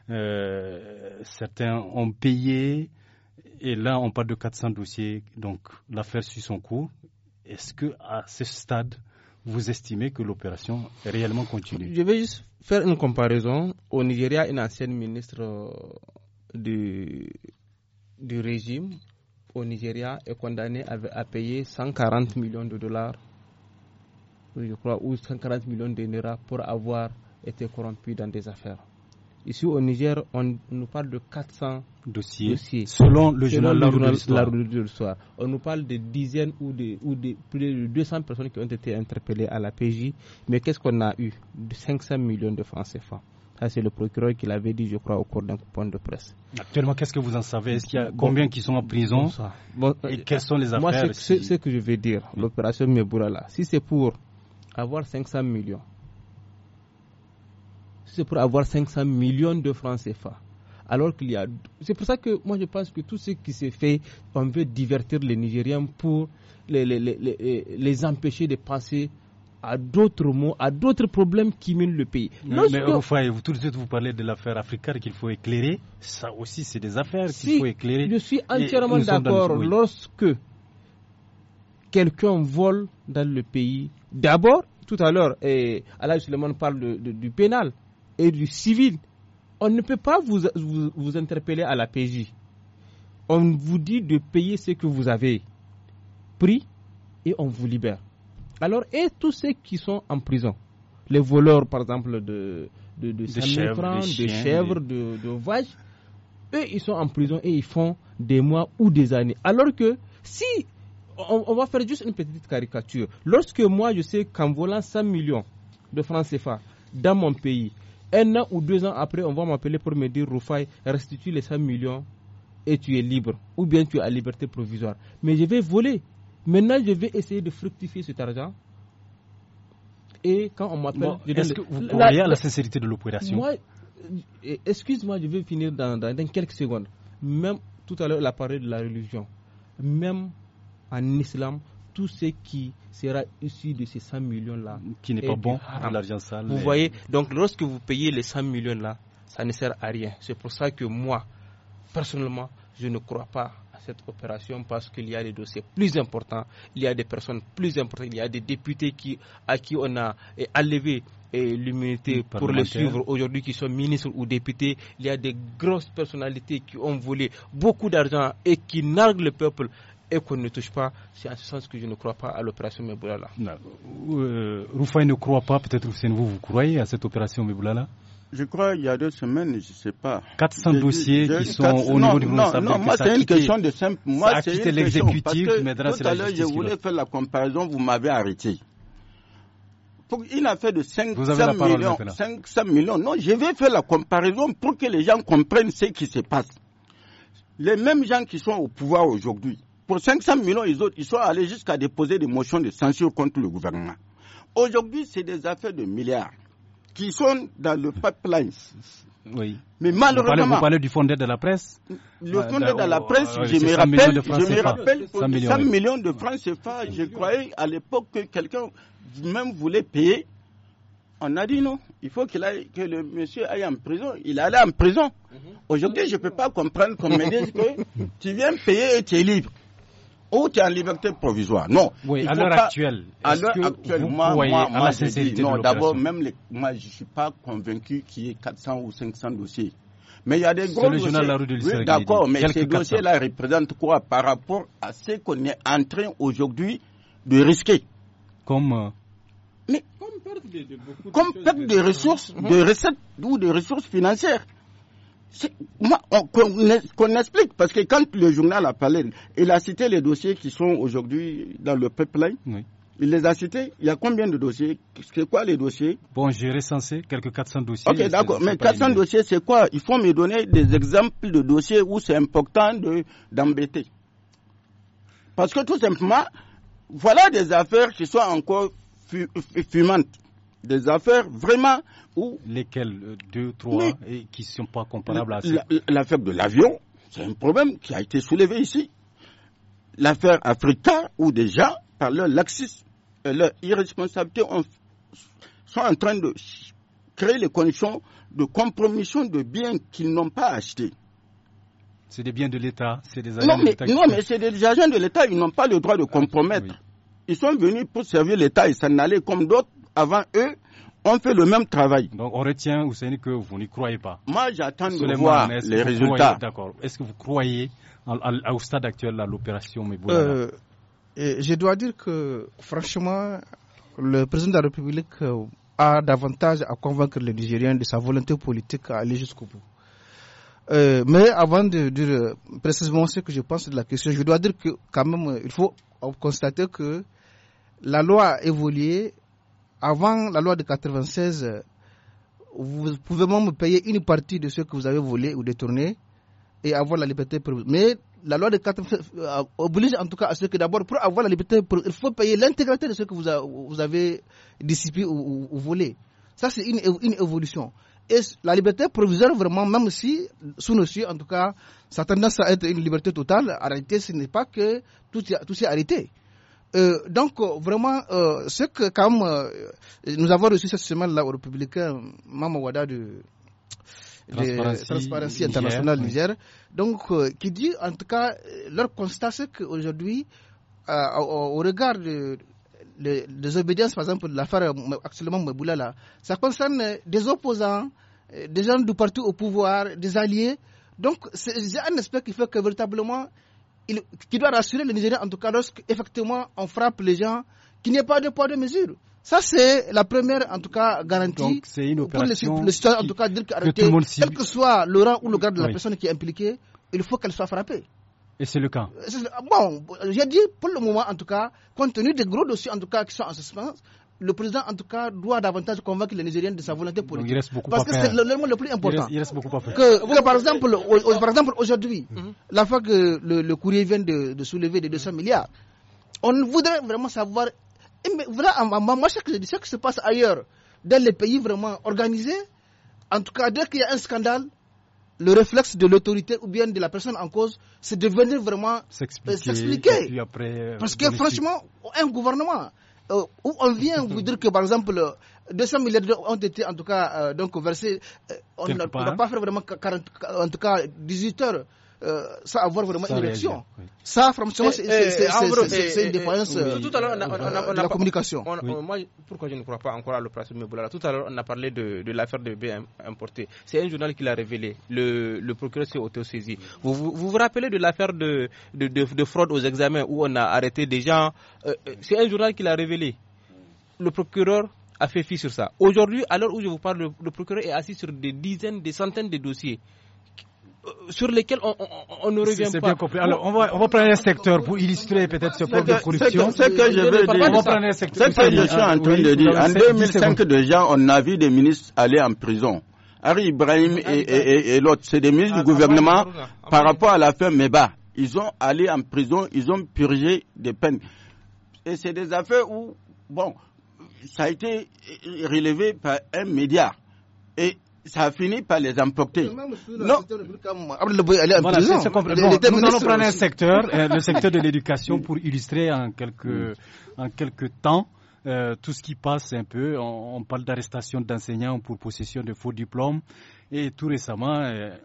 Euh, certains ont payé. Et là, on parle de 400 dossiers. Donc, l'affaire suit son cours. Est-ce que à ce stade, vous estimez que l'opération est réellement continue Je vais juste faire une comparaison. Au Nigeria, une ancienne ministre euh, du du régime au Nigeria est condamné à, payer 140 millions de dollars, je crois, ou 140 millions de pour avoir été corrompu dans des affaires. Ici au Niger, on nous parle de 400 dossiers, selon le journal, de l'histoire. On nous parle de dizaines ou de, plus de 200 personnes qui ont été interpellées à la PJ, mais qu'est-ce qu'on a eu 500 millions de francs CFA c'est le procureur qui l'avait dit, je crois, au cours d'un point de presse. Actuellement, qu'est-ce que vous en savez combien qui sont en prison Et euh, quelles sont les affaires Moi, c'est ce que je veux dire, l'opération Meboura si c'est pour avoir 500 millions, c'est pour avoir 500 millions de francs CFA, alors qu'il y a. C'est pour ça que moi je pense que tout ce qui s'est fait, on veut divertir les Nigériens pour les empêcher de passer à d'autres mots, à d'autres problèmes qui minent le pays. mais vous, tout de suite, vous parlez de l'affaire africaine qu'il faut éclairer. Ça aussi, c'est des affaires qu'il faut éclairer. Je suis entièrement d'accord. Lorsque quelqu'un vole dans le pays, d'abord, tout à l'heure, Alain Suleiman parle de, du pénal et du civil. On ne peut pas vous, vous interpeller à la PJ. On vous dit de payer ce que vous avez pris et on vous libère. Alors, et tous ceux qui sont en prison, les voleurs, par exemple, de, de, de, chèvres, de, vaches, eux, ils sont en prison et ils font des mois ou des années. Alors que si on, va faire juste une petite caricature. Lorsque moi, je sais qu'en volant 100 millions de francs CFA dans mon pays, un an ou deux ans après, on va m'appeler pour me dire, Rufai, restitue les 100 millions et tu es libre. Ou bien tu es à liberté provisoire. Mais je vais voler. Maintenant, je vais essayer de fructifier cet argent. Et quand on m'appelle. Est-ce que vous croyez à la sincérité de l'opération Moi, euh, excuse-moi, je vais finir dans, quelques secondes. Même tout à l'heure, la parole de la religion. Même en islam, tout ce qui sera issu de ces 100 millions-là. Qui n'est pas bon pour l'argent sale. Vous voyez, donc lorsque vous payez les 100 millions-là, ça ne sert à rien. C'est pour ça que moi, personnellement, je ne crois pas cette opération parce qu'il y a des dossiers plus importants, il y a des personnes plus importantes, il y a des députés qui, à qui on a eh, enlevé eh, l'immunité pour le suivre aujourd'hui qui sont ministres ou députés. Il y a des grosses personnalités qui ont volé beaucoup d'argent et qui narguent le peuple et qu'on ne touche pas. C'est en ce sens que je ne crois pas à l'opération Meboulala. Euh, ne croit pas, peut-être c'est vous, vous croyez à cette opération Meboulala je crois il y a deux semaines, je ne sais pas. 400 dossiers qui sont au non, du gouvernement. Non, non, moi c'est une question de simple. Moi c'est l'exécutif parce que Tout à l'heure, je voulais faire la comparaison, vous m'avez arrêté. Pour une affaire de 500 millions, 500 millions. Non, je vais faire la comparaison pour que les gens comprennent ce qui se passe. Les mêmes gens qui sont au pouvoir aujourd'hui, pour 500 millions, ils, ils sont allés jusqu'à déposer des motions de censure contre le gouvernement. Aujourd'hui, c'est des affaires de milliards qui sont dans le pipeline. Oui. Mais malheureusement. Vous parlez, du fondateur de la presse Le euh, fondateur de la euh, presse, je, me rappelle, je me rappelle, pour 100 millions, de francs CFA, je croyais à l'époque que quelqu'un même voulait payer. On a dit non, il faut que le monsieur aille en prison. Il allait en prison. Mhm. Aujourd'hui, je ne peux pas comprendre qu'on me dise que tu viens payer et tu es libre ou oh, tu es en liberté provisoire. Non. Oui, à l'heure actuelle. À l'heure actuellement, moi, moi, je dis, non, d'abord, même les, moi, je ne suis pas convaincu qu'il y ait 400 ou 500 dossiers. Mais il y a des gros d'accord, mais ces dossiers-là représentent quoi par rapport à ce qu'on est en train aujourd'hui de risquer Comme. Euh, mais, comme perte de, ressources, mhm. de recettes ou de ressources financières. Moi, Oh, qu'on explique, parce que quand le journal a parlé, il a cité les dossiers qui sont aujourd'hui dans le pipeline. Oui. Il les a cités. Il y a combien de dossiers C'est quoi les dossiers Bon, j'ai recensé quelques 400 dossiers. Ok, d'accord. Mais 400 dossiers, c'est quoi Il faut me donner des exemples de dossiers où c'est important d'embêter. parce que tout simplement, voilà des affaires qui sont encore fumantes des affaires vraiment où. Lesquelles euh, Deux, trois, et qui ne sont pas comparables à ça L'affaire de l'avion, c'est un problème qui a été soulevé ici. L'affaire Africa, où déjà, par leur laxisme et leur irresponsabilité, sont en train de créer les conditions de compromission de biens qu'ils n'ont pas achetés. C'est des biens de l'État, c'est des agents non, mais, de l'État. Non, mais c'est des agents de l'État, ils n'ont pas le droit de ah, compromettre. Ils sont venus pour servir l'État et s'en aller comme d'autres avant eux on fait le même travail. Donc on retient, Ousseini, que vous n'y croyez pas. Moi, j'attends de voir les résultats. D'accord. Est-ce que vous croyez au stade actuel à l'opération euh, Je dois dire que, franchement, le président de la République euh, a davantage à convaincre les Nigériens de sa volonté politique à aller jusqu'au bout. Euh, mais avant de dire euh, précisément ce que je pense de la question, je dois dire que quand même, il faut constater que la loi a évolué, avant la loi de 96, vous pouvez même payer une partie de ce que vous avez volé ou détourné et avoir la liberté Mais la loi de 96 euh, oblige en tout cas à ce que d'abord, pour avoir la liberté, il faut payer l'intégralité de ce que vous, avez dissipé ou, volé. Ça, c'est une, évolution. Et la liberté provisoire, vraiment, même si, sous nos yeux, en tout cas, ça tendance à être une liberté totale, en ce n'est pas que tout, tout s'est arrêté. Euh, donc, euh, vraiment, euh, ce que comme euh, nous avons reçu cette semaine-là au républicain Mama Wada de, Transparency, International Niger, donc, qui dit, en tout cas, leur constat, c'est qu'aujourd'hui, au, regard de, de, des obédiences, par exemple, de l'affaire actuellement Mboula, là, ça concerne des opposants, des gens de partout au pouvoir, des alliés. Donc, c'est un aspect qui fait que véritablement, qui doit rassurer les Nigériens, en tout cas lorsqu'effectivement on frappe les gens, qu'il n'y ait pas de poids de mesure. Ça, c'est la première, en tout cas, garantie Donc, une opération pour les, en tout cas, quel que soit le rang ou le grade de la personne qui est impliquée, il faut qu'elle soit frappée. Et c'est le cas. Bon, j'ai dit pour le moment, en tout cas, compte tenu des gros dossiers, en tout cas, qui sont en suspens, le président, en tout cas, doit davantage convaincre les Nigériens de sa volonté politique. il reste beaucoup Parce que c'est l'élément le plus important. Il reste, beaucoup à faire. par exemple, aujourd'hui, mhm. la fois que le, courrier vient de, soulever les 200 milliards, on voudrait vraiment savoir. voilà, moi, ce que ce qui se passe ailleurs, dans les pays vraiment organisés, en tout cas, dès qu'il y a un scandale, le réflexe de l'autorité ou bien de la personne en cause, c'est de venir vraiment euh, s'expliquer. Euh, Parce que franchement, un gouvernement, euh, on vient vous dire que, par exemple, 200 euh, milliards ont été en tout cas euh, donc versés. on ne peut pas faire vraiment 40, en tout cas 18 heures ça euh, sans avoir vraiment une élection. Ça, franchement, eh, eh, c'est une défaillance de la communication. moi, pourquoi je ne crois pas encore à l'opération Meboulala Tout à l'heure, on a parlé de, de l'affaire de BM importé. C'est un journal qui l'a révélé. Le, procureur s'est autosaisi. Vous, vous, vous, vous rappelez de l'affaire de, de, de, fraude aux examens où on a arrêté des gens euh, euh, C'est un journal qui l'a révélé. Le procureur a fait fi sur ça. Aujourd'hui, à l'heure où je vous parle, le procureur est assis sur des dizaines, des centaines de dossiers. Euh, sur lesquels on, on, ne revient pas. C'est Bien compris. Alors, on va, on va prendre un secteur pour illustrer peut-être ce problème de corruption. C'est ce que je veux dire. On va prendre un secteur. que je suis en train de dire. En 2005, déjà, on a vu des ministres aller en prison. Harry Ibrahim et, l'autre, c'est des ministres du ah, gouvernement par rapport à l'affaire Meba. Ils ont allé en prison, ils ont purgé des peines. Et c'est des affaires où, bon, ça a été relevé par un média. Et ça a fini par les emporter. Non. Ah, nous allons prendre un secteur, euh, le secteur de l'éducation, pour illustrer en quelques, en quelques temps. Euh, tout ce qui passe un peu, on, parle d'arrestation d'enseignants pour possession de faux diplômes et tout récemment, euh,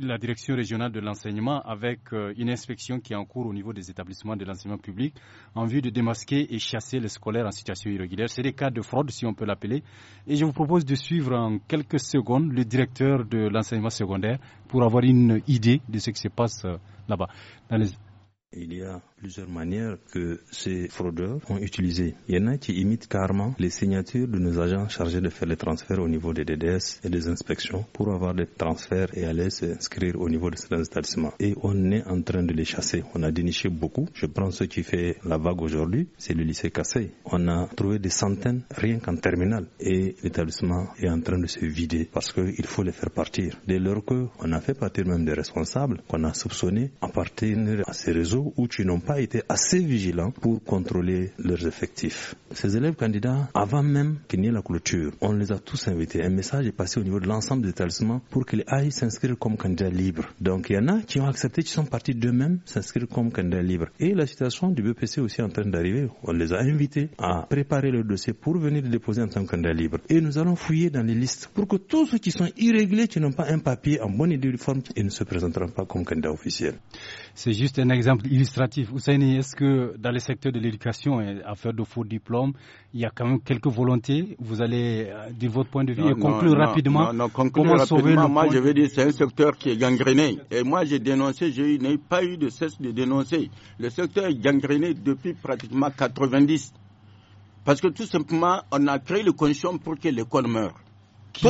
la, direction régionale de l'enseignement avec euh, une inspection qui est en cours au niveau des établissements de l'enseignement public en vue de démasquer et chasser les scolaires en situation irrégulière. C'est des cas de fraude, si on peut l'appeler. Et je vous propose de suivre en quelques secondes le directeur de l'enseignement secondaire pour avoir une idée de ce qui se passe euh, là-bas. Il y a plusieurs manières que ces fraudeurs ont utilisées. Il y en a qui imitent carrément les signatures de nos agents chargés de faire les transferts au niveau des DDS et des inspections pour avoir des transferts et aller s'inscrire au niveau de certains établissements. Et on est en train de les chasser. On a déniché beaucoup. Je prends ce qui fait la vague aujourd'hui, c'est le lycée Cassé. On a trouvé des centaines rien qu'en terminale. Et l'établissement est en train de se vider parce qu'il faut les faire partir. Dès lors qu'on a fait partir même des responsables qu'on a soupçonnés appartenir à ces réseaux où tu n'as pas été assez vigilant pour contrôler leurs effectifs. Ces élèves candidats, avant même qu'il n'y ait la clôture, on les a tous invités. Un message est passé au niveau de l'ensemble des établissements pour qu'ils aillent s'inscrire comme candidats libres. Donc il y en a qui ont accepté, qui sont partis d'eux-mêmes s'inscrire comme candidats libres. Et la situation du BPC aussi en train d'arriver. On les a invités à préparer leur dossier pour venir le déposer en tant que candidat libre. Et nous allons fouiller dans les listes pour que tous ceux qui sont irréguliers, qui n'ont pas un papier en bonne et due forme, ils ne se présenteront pas comme candidats officiels. C'est juste un exemple illustratif. Ousseini, est-ce que dans le secteur de l'éducation, et affaire de faux diplômes, il y a quand même quelques volontés Vous allez, euh, de votre point de vue, conclure rapidement. Non, conclure comment sauver le moi, je veux dire, c'est un secteur qui est gangréné. Et moi, j'ai dénoncé, je n'ai pas eu de cesse de dénoncer. Le secteur est gangréné depuis pratiquement 90. Parce que tout simplement, on a créé le conditions pour que l'école meure. Qui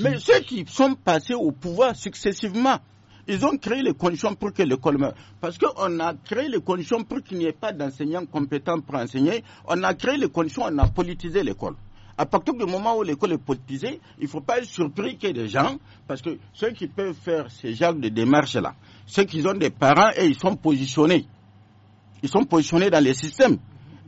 Mais ceux qui sont passés au pouvoir successivement, ils ont créé les conditions pour que l'école meure. Parce qu'on a créé les conditions pour qu'il n'y ait pas d'enseignants compétents pour enseigner. On a créé les conditions, on a politisé l'école. À partir du moment où l'école est politisée, il ne faut pas être surpris qu'il y ait des gens, parce que ceux qui peuvent faire ces genres de démarches-là, ceux qui ont des parents et ils sont positionnés. Ils sont positionnés dans les systèmes.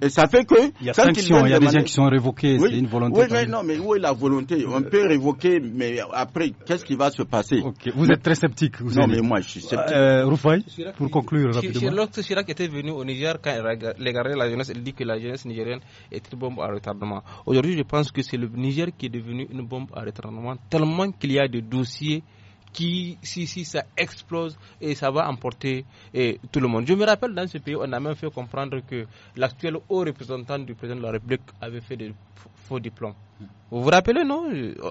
Et ça fait que. Il y a, des gens qui sont révoqués, c'est une volonté. Oui, mais non, mais où est la volonté On euh, peut révoquer, mais après, qu'est-ce qui va se passer Vous êtes très sceptique. Vous non, mais moi, je suis sceptique. Euh, Rufai, pour conclure rapidement. Lorsque Chirac était venu au Niger, quand il regardait la jeunesse, il dit que la jeunesse nigérienne est une bombe à retardement. Aujourd'hui, je pense que c'est le Niger qui est devenu une bombe à retardement, tellement qu'il y a des dossiers qui, si, si ça explose, et ça va emporter eh, tout le monde. Je me rappelle, dans ce pays, on a même fait comprendre que l'actuel haut représentant du président de la République avait fait des faux diplômes. Vous vous rappelez, non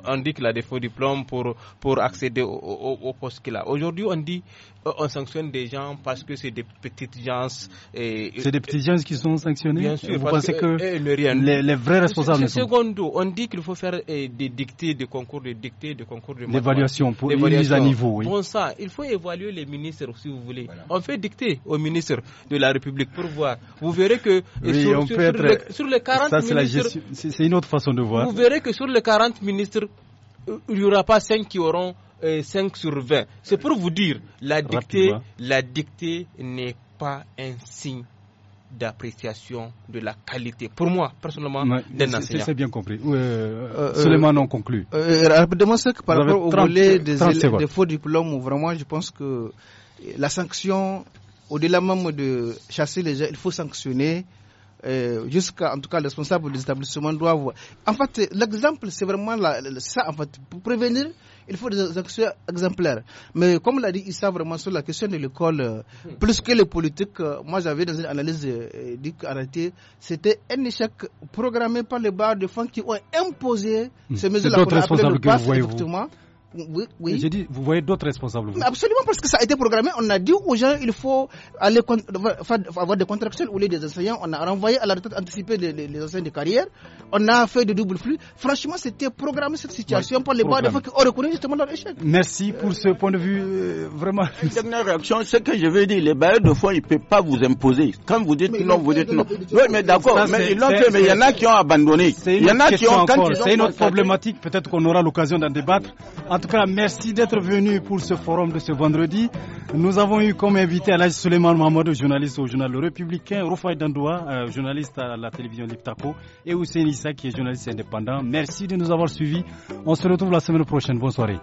On dit qu'il a des faux diplômes pour, pour accéder au, poste qu'il a. Aujourd'hui, on dit euh, on sanctionne des gens parce que c'est des petites gens. C'est des petites gens qui sont sanctionnés Bien sûr. Vous pensez que, eh, les, vrais responsables sont... Secondo, on dit qu'il faut faire eh, des dictées, des concours des dictées, des concours de... L'évaluation, pour une mise à niveau, oui. Bon ça, il faut évaluer les ministres, si vous voulez. On fait dicter aux ministres de la République pour voir. Vous verrez que sur, on les, sur, ça, C'est une autre façon de voir verrez que sur les 40 ministres, euh, il n'y aura pas 5 qui auront 5 euh, sur 20. C'est pour vous dire, la dictée, la dictée n'est pas un signe d'appréciation de la qualité, pour moi, personnellement, d'un enseignant. C'est bien compris. Euh, seulement non conclu. rapidement, c'est que par rapport au volet des, des, faux diplômes, vraiment, je pense que la sanction, au-delà même de chasser les gens, il faut sanctionner euh, jusqu'à, en tout cas, les responsables des établissements doivent. En fait, l'exemple, c'est vraiment la, ça, en fait. Pour prévenir, il faut des actions exemplaires. Mais comme l'a dit Issa, vraiment, sur la question de l'école, euh, hmm. plus que les politiques, euh, moi, j'avais dans une analyse euh, dit arrêtée c'était un échec programmé par les barres de fonds qui ont imposé hmm. ces mesures-là. Oui, oui. J'ai dit, vous voyez d'autres responsables. Absolument, parce que ça a été programmé. On a dit aux gens, il faut avoir des contractions. Au lieu des enseignants. On a renvoyé à la retraite anticipée les, enseignants de carrière. On a fait de double flux. Franchement, c'était programmé cette situation pour par les bois de qui ont reconnu justement leur échec. Merci pour ce point de vue, euh, vraiment. Une dernière réaction, c'est que je veux dire, les bailleurs de fonds, ils ne peuvent pas vous imposer. Quand vous dites non, vous dites non. Oui, mais d'accord, mais il y en a qui ont abandonné. Il y en a qui ont. C'est une autre problématique, peut-être qu'on aura l'occasion d'en débattre. En tout cas, merci d'être venu pour ce forum de ce vendredi. Nous avons eu comme invité Alaj Suleiman Mamadou, journaliste au journal Le Républicain, Rufai Dandoua, euh, journaliste à la télévision Liptako, et Hussein Issa, qui est journaliste indépendant. Merci de nous avoir suivis. On se retrouve la semaine prochaine. Bonne soirée.